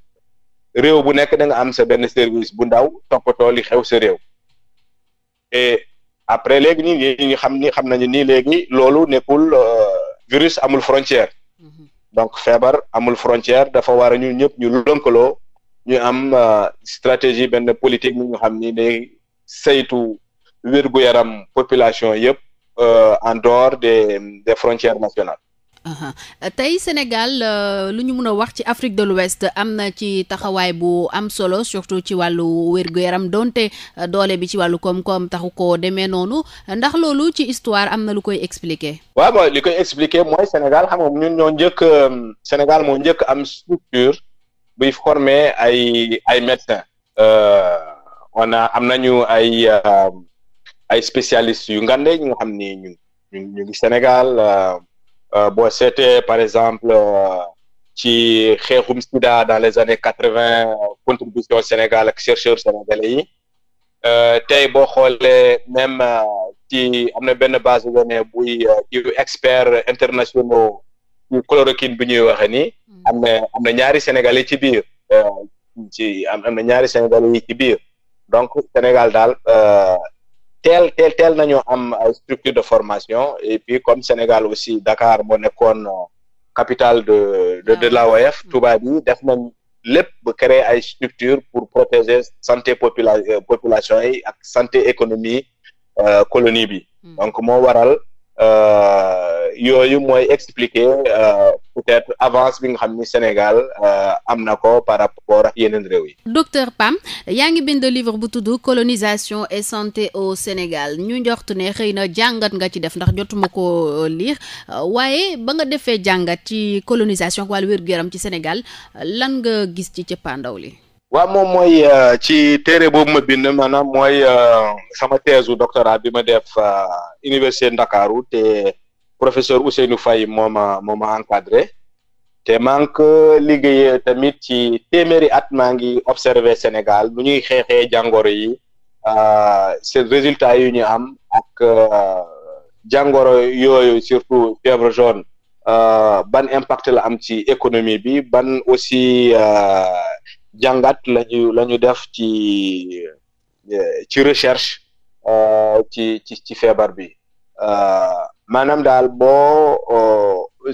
réew bu nekk da nga am sa benn service bu ndaw toppatoo li xew sa réew et après léegi ñi ñi ngi xam ni xam nañu nii léegi loolu nekkul euh, virus amul frontière mm-hmm. donc feebar amul frontière dafa war a ñun ñëpp ñu lënkaloo ñu am euh, stratégie benn politique mi nga xam ni day saytu wér-gu-yaram population yëpp Euh, en dehors des des frontières nationales. Euh, tey Sénégal euh, lu ñu mën a wax ci Afrique de l'Ouest am na ci taxawaay bu am solo surtout ci wàllu wér-gu-yaram donte doole bi ci wàllu koom-koom taxu ko demee noonu ndax loolu ci histoire am na lu koy expliquer. waaw mooy li koy expliquer mooy Sénégal xam nga ñoo njëkk Sénégal moo njëkk am structure buy former ay ay médecins. on a am nañu ay. ay spécialistes yu ngande ñi nga xam ni ñu ñu ñu ngi Sénégal euh, euh, boo seetee par exemple euh, ci xeexum sida dans les années quatre-vingt contribution Sénégal ak chercheurs sénégalais yi tey boo xoolee même ci am na benn base de données buy yu experts internationaux ci chloroquine bi ñuy waxe ni hmm. am na am na ñaari sénégalais ci biir ci am na ñaari sénégalais yi ci biir donc Sénégal daal teel tel teel nañu am euh, structure de formation et puis comme Sénégal aussi Dakar moo nekkoon euh, capitale de de ah, de l'AOF mm. Touba bi def nañ lépp ba créer ay structure pour protéger santé popula euh, population yi ak santé économie colonie bi mm. donc moo waral Euh, yooyu mooy expliquer euh, peut-être avance bi nga xam ni Sénégal euh, am na ko par rapport yeneen réew yi. docteur Pam yaa ngi bind livre bu tudd colonisation et santé au Sénégal ñu njortu ne xëy na jàngat nga ci def ndax jotuma ko lire waaye ba nga defee jàngat ci colonisation wala wér-gu-yaram ci Sénégal lan nga gis ci cëppaandaw li. waaw moom mooy euh, ci téere boobu ma bind maanaam mooy euh, sama thèse u doctorat bi ma def euh, université Ndakaaru te professeur Ousseynou Faye moo ma moo ma encadré te maa ngi ko liggéeyee tamit ci téeméeri at maa ngi observé Sénégal nu ñuy xeexee jàngoro yi seen résultats yu ñu am ak jàngoro yooyu surtout fièvre jaune ban impact la am ci économie bi ban aussi jàngat lañu la ñu def ci ci recherche euh, ci ci ci feebar bi euh, maanaam daal boo euh,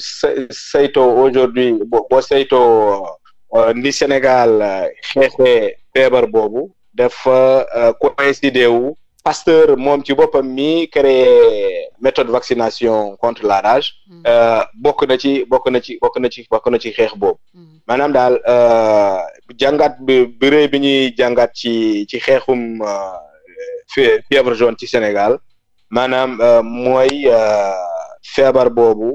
saytoo aujourd'hui boo saytoo ni Sénégal xeexee feebar boobu def coïncider wu Pasteur moom ci boppam mi créé méthode vaccination contre la rage hmm. euh, bokk na ci bokk na ci bokk na ci bokk na ci xeex boobu hmm. maanaam daal euh, jàngat bi réy bi ñuy jàngat ci ci xeexum euh, fièvre jaune ci Sénégal maanaam mooy feebar boobu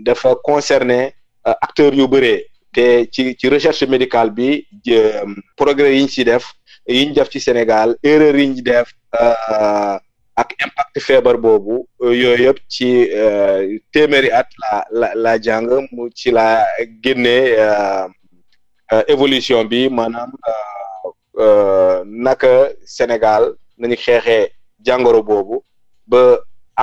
defa concerné acteurs yu bëree te ci ci recherche médicale bi progrès yi ñu si def yi def ci Sénégal erreur yi ñu def Euh, ak impact feebar boobu euh, yooyu yëpp ci euh, téeméeri at la la la jàng ci la génnee évolution bi maanaam naka Sénégal nañu xeexee jàngoro boobu ba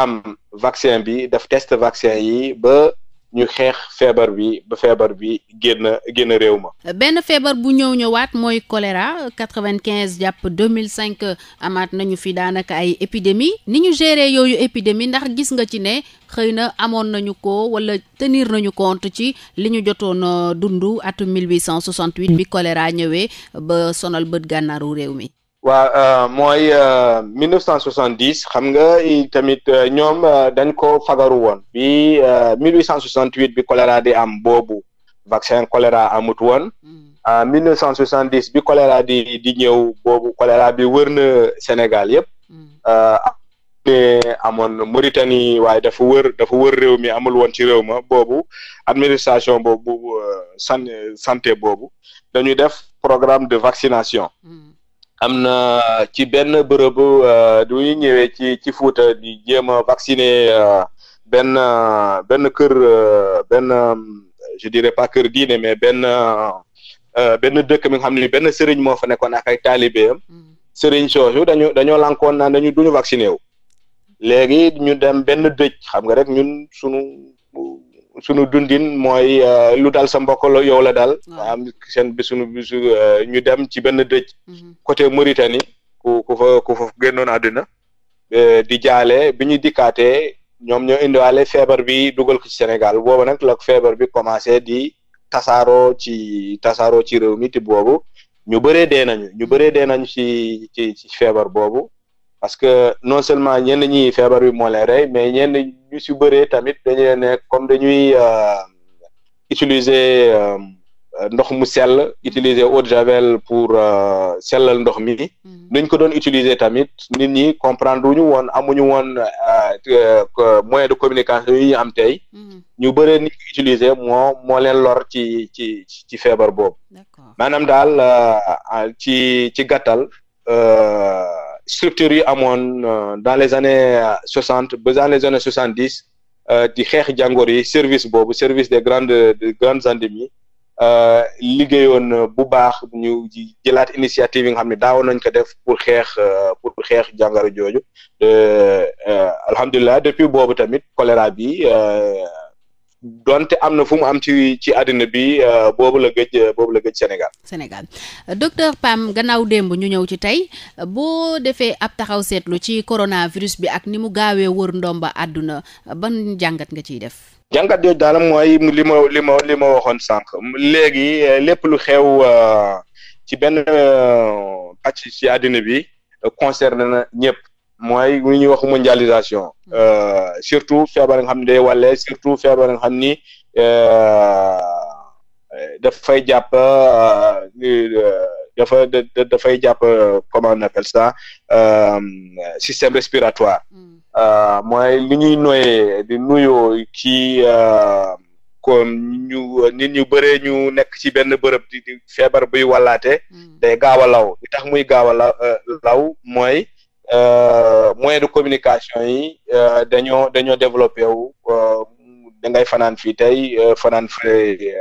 am vaccin bi def test vaccin yi ba ñu xeex feebar bi ba feebar bi génn génn réew ma. benn feebar bu ñëw ñëwaat mooy choléra quatre vingt jàpp deux mille cinq amaat nañu fi daanaka ay épidémie ni ñu gérer yooyu épidémie ndax gis nga ci ne xëy na amoon nañu ko wala tenir nañu compte ci li ñu jotoon euh, dund atum 1868 bi choléra ñëwee ba sonal bët gànnaaru réew mi. waa euh, mooy 1970 euh, xam nga tamit euh, ñoom dañ ko fagaru woon bi 1868 bi choléra di am boobu vaccin choléra amut woon 1970 hmm. bi choléra di di ñëw boobu choléra bi wër na Sénégal yëpp hmm. ne amoon Mauritanie waaye dafa wër dafa réew mi amul woon ci réew ma boobu administration boobu san santé boobu dañuy def programme de vaccination hmm. am na ci benn bërëb du euh, ñu ci ci Fuuta jéem a vacciner euh, benn euh, benn kër benn je dirais pas kër diine mais benn benn dëkk mi nga xam ne benn sëriñ moo fa nekkoon ak ay taalibeem mm. sëriñ soosu dañu dañoo lankoon naan dañu mm. léegi ñu dem benn dëj xam nga rek ñu sunu suñu dundin mooy euh, lu dal sa mbokk la yow la daal. am bisuñu bisu euh, ñu dem ci benn dëj. Mhm. côté Mauritanie ku ku fa ku fa génnoon àdduna. Euh, di jaale bi ñu dikkaatee ñoom ñoo indiwaale feebar bi dugal ko ci Sénégal boobu nag la feebar bi commencé di tasaaroo ci tasaaroo ci réew mi te boobu ñu bëree dee nañu ñu bëree dee nañu ci ci ci feebar boobu. parce que non seulement ñenn ñi feebar bi moo leen mais ñenn ñu si tamit dañuy ne comme dañuy euh, utiliser euh, ndox mu sell utiliser eau de javel pour euh, sellal ndox mi nuñ mm-hmm. ko doon utiliser tamit nit ñi comprendre wuñu woon amuñu woon moyen de communication ñu am tey mm-hmm. ñu bëree nit ñi utiliser moo moo leen lor ci ci ci feebar boobu maanaam daal ci ci gàttal structures yi amoon euh, dans les années euh, soixante ba dans les années soixante dix euh, di xeex jàngoor yi service boobu service des grandes des grandes endémies liggéeyoon bu baax ñu jëlaat initiative yi nga xam ne daawoon nañ ko def pour xeex pour xeex jàngoro jooju alhamdulilah depuis boobu tamit choléra bi. donte am na fu mu am ci ci àddina bi euh, boobu la gëj boobu la gëj Sénégal. Sénégal docteur Pam gannaaw démb ñu ñëw ci tey boo defee ab taxaw seetlu ci coronavirus bi ak ni mu gaawee wër ndomba àdduna ban jàngat nga ciy def. jàngat yooyu daal mooy li ma li ma li ma waxoon sànq léegi euh, lépp lu xew euh, ci benn pàcc ci àddina bi concerné na ñëpp. mooy lu ñuy wax mondialisation mm. euh, surtout feebar nga xam ne day wàlle surtout feebar nga xam ni euh, euh, dafay jàpp dafa dafay jàpp comment on appelle ça système respiratoire mm. mooy li ñuy noyee di nuyoo ci kon ñu nit ñu bëree ñu nekk ci benn bërëb di feebar buy wàllaate mm. day gaaw a law tax muy gaaw law mooy Euh, moyen de communication yi euh, dañoo dañoo développé wu euh, da ngay fanaan fii tey fanaan fee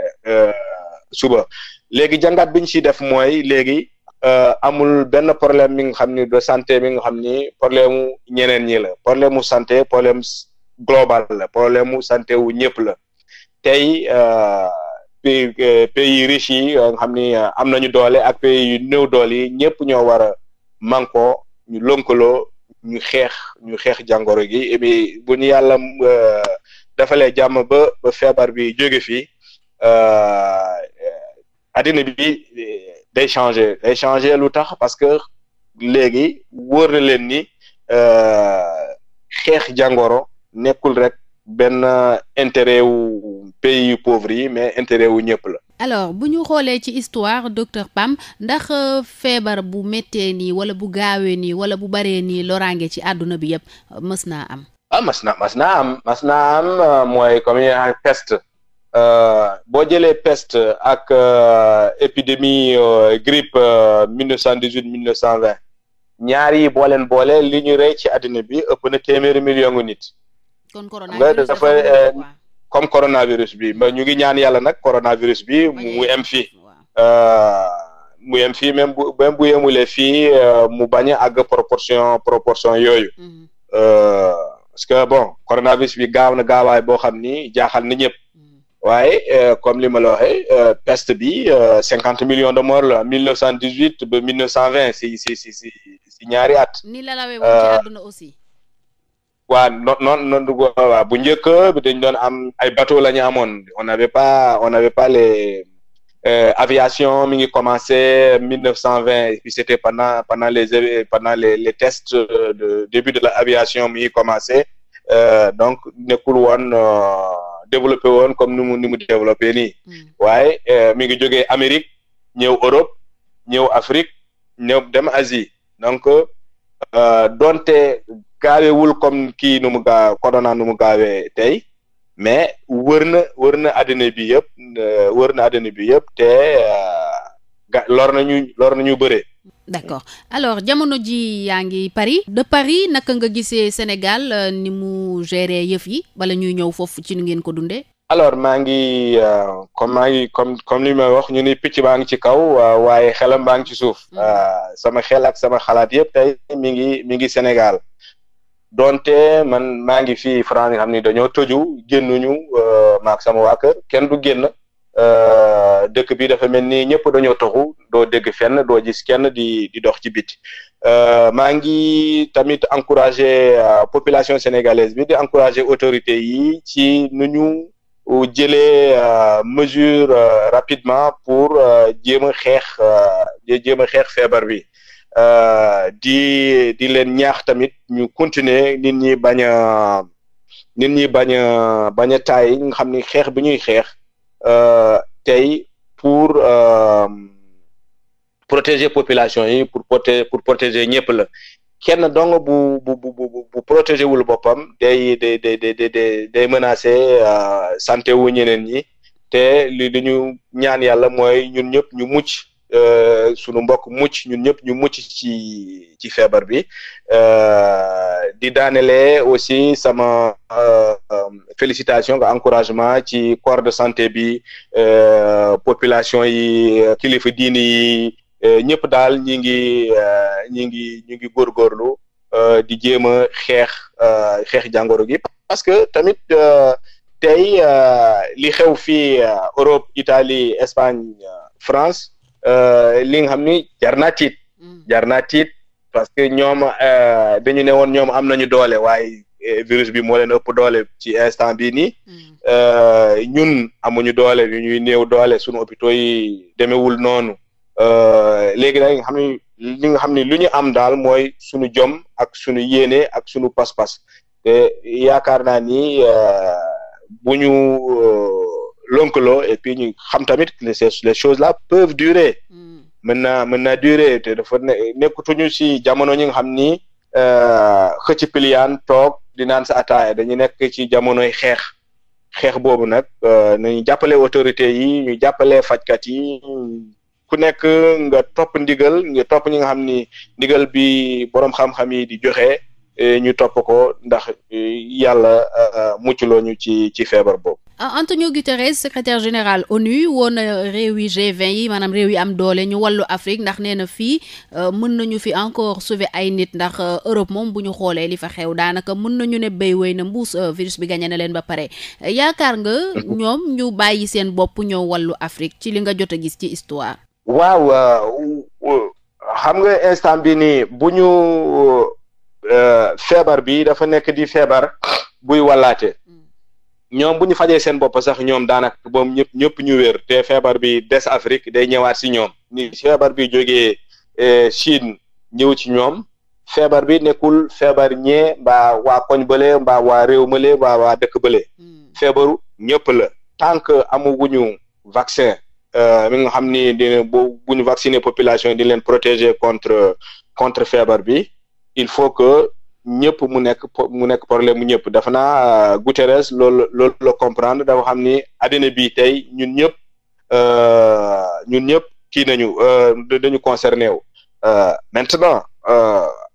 suba léegi jàngat bi ñu ciy def mooy léegi amul benn problème mi nga xam ni de santé mi nga xam ni problème mu ñeneen ñi la problème mu santé problème global la problème mu santé wu ñëpp la tey pays riches yi nga xam am nañu doole ak pays yu néew doole yi ñëpp ñoo war a manko ñu lënkaloo ñu xeex ñu xeex jàngoro gi et puis bu ñu yàlla euh, defalee jàmm ba ba feebar bi jege fii euh, addina bi euh, day changé day changé lu tax parce que léegi wóor na leen ni xeex jàngoro nekkul rek benn intérêt wu pays yu pauvre yi mais intérêt wu ñëpp la alors bu ñu xoolee ci histoire docteur Pam ndax euh, feebar bu méttee nii wala bu gaawee nii wala bu baree nii loraange ci àdduna bi yëpp mës naa am. ah mas na mas naa am mas naa am euh, mooy peste euh, boo jëlee peste ak épidémie grippe mille neuf cent dix huit mille neuf cent vingt ñaar yi boo leen boole li ñu rey ci àddina bi ëpp na téeméeri million comme coronavirus bi mais ñu ngi ñaan yàlla nag coronavirus bi mu em fii mu yem fii euh, même bu même bu yemulee fii euh, mu bañ a àgg proportion proportion yooyu mhm. euh, parce que bon coronavirus bi gaaw na gaawaay boo xam ni jaaxal na ñëpp mhm. waaye comme li ma la waxee peste bi cinquante millions de morts la mille neuf cent dix huit ba mille neuf cent vingt si si si si si ñaari at. ni la lawee woon ci àdduna aussi. waa non bu njëkk bi dañ doon am ay bateau la ñu amoon on n'avait pas on n'avait pas les euh, aviation mi ngi commencé mille neuf cent vingt et puis c'était pendant pendant les pendant tests de début de l'aviation mi ngi commencé euh, donc nekkul woon euh, développé woon comme ni mu développé nii hmm. waaye mi ngi jógee Amérique ñëw Europe ñëw Afrique ñëw dem Asie donc doonte gaawewul comme kii nu mu gaaw corona nu mu gaawee tey mais wër na wër na àddina bi yëpp euh, wër na àddina bi yëpp te euh, ga lor na ñu nañu bëree. d'accord alors jamono ji yaa ngi Paris de Paris naka nga gisee Sénégal euh, ni mu gérer yëf yi bala ñuy ñëw foofu ci nu ngeen ko dunde alors maa ngi comme maa ngi comme comme li ma wax ñu ni picc maa ngi ci kaw waaye xelam maa ngi ci suuf. Mm. sama xel ak sama xalaat yëpp tey mi ngi mi ngi Sénégal. donte man maa ngi fii France nga xam ni dañoo toju génnuñu euh, maak sama waa kër kenn du génn euh, dëkk bi dafa mel ni ñëpp dañoo toxu doo dégg fenn doo gis kenn di di dox ci biti euh, maa ngi tamit encouragé population sénégalaise bi di encouragé autorité yi ci nu ñu jëlee mesure rapidement pour jéem a xeex jéem a xeex feebar bi Euh, di di leen ñaax tamit ñu continuer nit ñi bañ a nit ñi bañ a bañ a taay nga xam ni xeex bi ñuy xeex euh, tey pour euh, protéger population yi pour proté pour protéger ñëpp la kenn dong bu bu bu bu protéger wul boppam day day day day day menacer santé wu ñeneen ñi te li li ñu ñaan yàlla mooy ñun ñëpp ñu mucc. Euh, sunu mbokk mucc ñun ñëpp ñu mucc ci ci feebar bi euh, di daanelee aussi sama euh, félicitation nga encouragement ci corps de santé bi population yi kilifa diini yi ñëpp daal ñi ngi ñi ngi ñu ngi góorgóorlu di jéem a xeex xeex jàngoro gi parce que tamit tey li xew fii Europe Italie Espagne France Euh, li nga xam ni jar naa tiit mm. jar naa tiit parce que ñoom euh, dañu ne woon ñoom am nañu doole waaye eh, virus bi moo leen ëpp doole ci instant bii nii mm. euh, ñun amuñu doole yu ñuy néew doole suñu hôpitaux yi demewul noonu léegi nag nga xam ni li nga xam ni lu ñu am daal mooy suñu jom ak suñu yéene ak suñu pas-pas te yaakaar naa ni bu ñu lonkeloo et puis ñu xam tamit que les choses la peuvent durer mm. mën naa mën naa durer te dafa nekkutuñu si jamono ñi nga xam ni euh, ci piliyaan toog di naan sa ataaya dañu nekk ci jamonoy xeex xeex boobu nag euh, nañu jàppale autorités yi ñu jàppale fajkat yi ku nekk nga topp ndigal nga topp ñi nga xam ni ndigal bi borom xam-xam yi di joxe eh, ñu topp ko ndax eh, yàlla euh, mucculoo ñu ci ci feebar boobu. Antonio Guterres secretaire général ONU woon réew yi g yi maanaam réew yi am doole ñu wàllu Afrique ndax nee na fii euh, mën nañu fi encore sauver ay nit ndax euh, Europe moom bu ñu xoolee li fa xew daanaka mën nañu ne béy wéy na mbuus euh, virus bi gañe na leen ba pare yaakaar nga ñoom ñu bàyyi seen bopp ñoo wàllu Afrique ci li nga jot a gis ci histoire. waaw xam nga instant bi nii bu ñu feebar bi dafa nekk di feebar buy wallaate ñoom bu ñu fajee seen bopp sax ñoom daanaka boom ñëpp ñëpp ñu wér te feebar bi des Afrique day ñëwaat si ñoom ni feebar bi jógee eh, Chine ñëw ci ñoom feebar bi nekkul feebar ñee mbaa waa koñ bële mbaa waa réew male mbaa waa dëkk bële hmm. feebaru ñëpp la tant que amaguñu vaccin euh, mi nga xam ni dina bu bu vacciner population di leen protéger contre contre feebar bi il faut que ñëpp mu nekk mu nekk problème mu ñëpp dafa naa euh, Guterres lo la comprendre dafa xam ni àddina bi tey ñun ñëpp euh, ñun ñëpp kii nañu euh, dañu concerné wu maintenant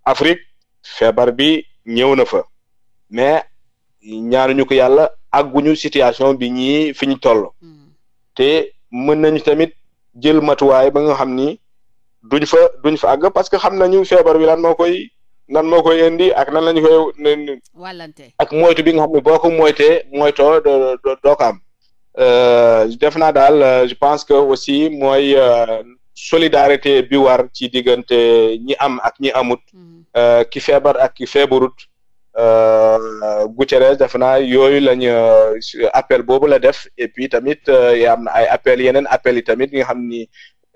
Afrique feebar bi ñëw na fa mais ñaanuñu ko yàlla àgguñu situation bi ñii fi ñu toll hmm. te mën nañu tamit jël matuwaay ba nga xam ni duñ fa duñ fa àgg parce que xam nañu feebar bi lan moo koy nan moo koy indi ak nan lañu koy wàllante ak moytu bi nga xam ne boo ko moytee moytoo doo doo ko euh, def naa daal euh, je pense que aussi mooy euh, solidarité bi war ci diggante ñi am ak ñi amut mm-hmm. ki feebar ak ki feebarut Guterres def naa yooyu lañu appel boobu la def et puis tamit ya am na ay appel yeneen appel yi tamit yi nga xam ni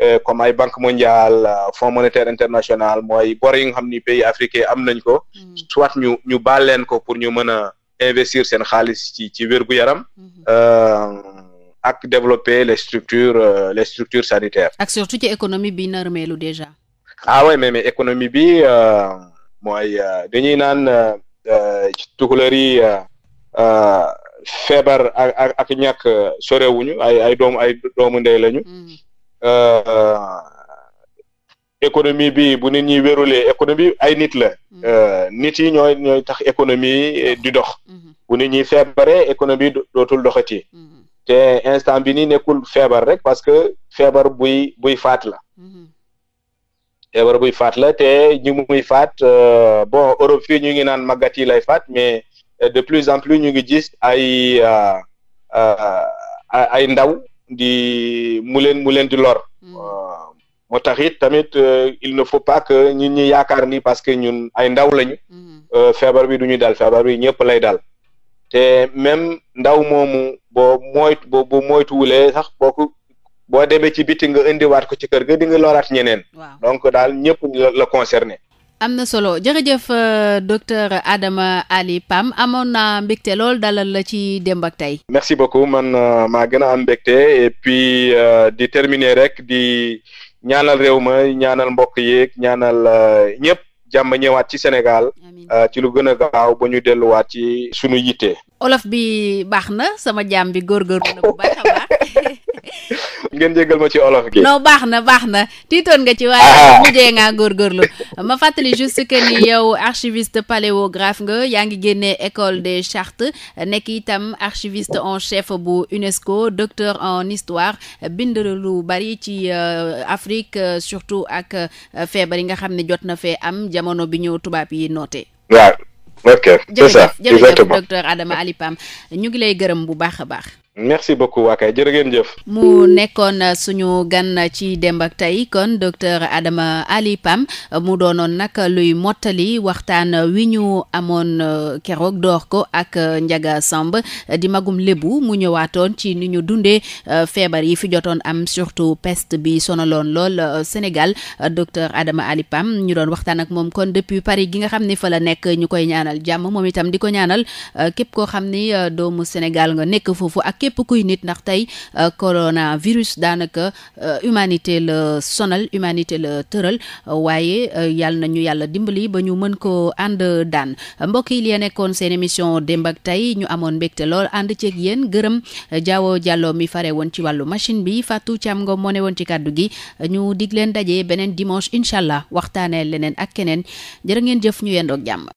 Euh, comme ay banque mondial euh, fonds monétaire international mooy bor yi nga xam ni pays africain am nañ ko mm. soit ñu ñu baal leen ko pour ñu mën a investir seen xaalis ci ci wér gu yaram mm-hmm. euh, ak développer les structures les structures sanitaires ak surtout ci économie bi narmeelu déjà ah ouais mais mais économie bi mooy dañuy naan ci yi feebar ak ak ñàkk sorewuñu ay ay doomu ay lañu mm. Euh, économie bi bu nit ñi wérulee économie ay nit la mm-hmm. euh, nit yi ñooy tax économie di dox mm-hmm. bu nit ñi feebaree économie dootul doxati mm-hmm. te instant bi nii nekkul feebar rek parce que feebar buy buy faat la buy faat la te ñi muy faat euh, bon Europe fii ñu ngi naan màggat yi lay faat mais de plus en plus ñu ngi gis ay ay ndaw di mu leen mu leen di lor hmm. moo tax it tamit euh, il ne faut pas que ñun ñi yaakaar ni parce que ñun ay ndaw lañu hmm. euh, feebar bi du ñu dal feebar wi ñëpp lay dal te même ndaw moomu boo moytu boo bu moytuwulee sax bo ko boo demee ci biti nga indiwaat ko ci kër ga di nga loraat ñeneen donc daal ñëpp la concerné am na solo jërëjëf euh, docteur Adama Ali Pam amoon naa mbégte lool dalal la ci démbak tey. merci beaucoup man euh, ma gën a am mbégte et puis euh, di terminer rek di ñaanal réew ma ñaanal mbokk yeeg ñaanal ñëpp. jàmb ñëwaat ci Sénégal ci lu gën a gaaw ba ñu delluwaat ci sunu yitte. olof bi baax na sama jaam bi góorgóorlu na bu baax a ngeen jéggal ma ci olof gi. non baax na baax na tiitoon nga ci waaye ah. mujjee ngaa góorgóorlu ma fàttali juste que ni yow archiviste paléographe nga yaa ngi génnee école des chartes nekk itam archiviste en chef bu UNESCO docteur en histoire bind lu bari ci euh, Afrique surtout ak euh, feebar yi nga xam ne jot na fee am jamono bi ñu tubaab yi noote. waaw ok c'est ça exactement Adama Ali Pam ñu ngi lay gërëm bu baax a baax. merci beaucoup mu nekkoon euh, suñu gan ci démb ak tey kon docteur Adama Ali Pam euh, mu doonoon nag luy mottali waxtaan wi ñu amoon euh, keroog door ko ak Ndiaga Samb di magum lébu mu ñëwaatoon ci ni ñu dundee feebar yi fi jotoon am surtout peste bi sonaloon lool Sénégal docteur Adama Ali Pam ñu doon waxtaan ak moom kon depuis Paris gi nga xam ni fa la nekk ñu koy ñaanal jàmm moom itam di ko ñaanal képp koo xam ni doomu Sénégal nga nekk foofu ak. képp kuy nit ndax tey euh, coronavirus daanaka euh, humanité la sonal humanité la tëral waaye euh, yàlla nañu yàlla dimbali ba ñu mën ko ànd daan mbokk yi li nekkoon seen émission démb tey ñu amoon mbégte lool ànd ceeg yéen gërëm jaawo Diallo mi fare woon ci wàllu machine bi Fatou Thiam Ngom moo ne woon ci kàddu gi ñu dig leen daje beneen dimanche incha allah waxtaanee leneen ak keneen jërë ngeen jëf ñu yendoog jàmm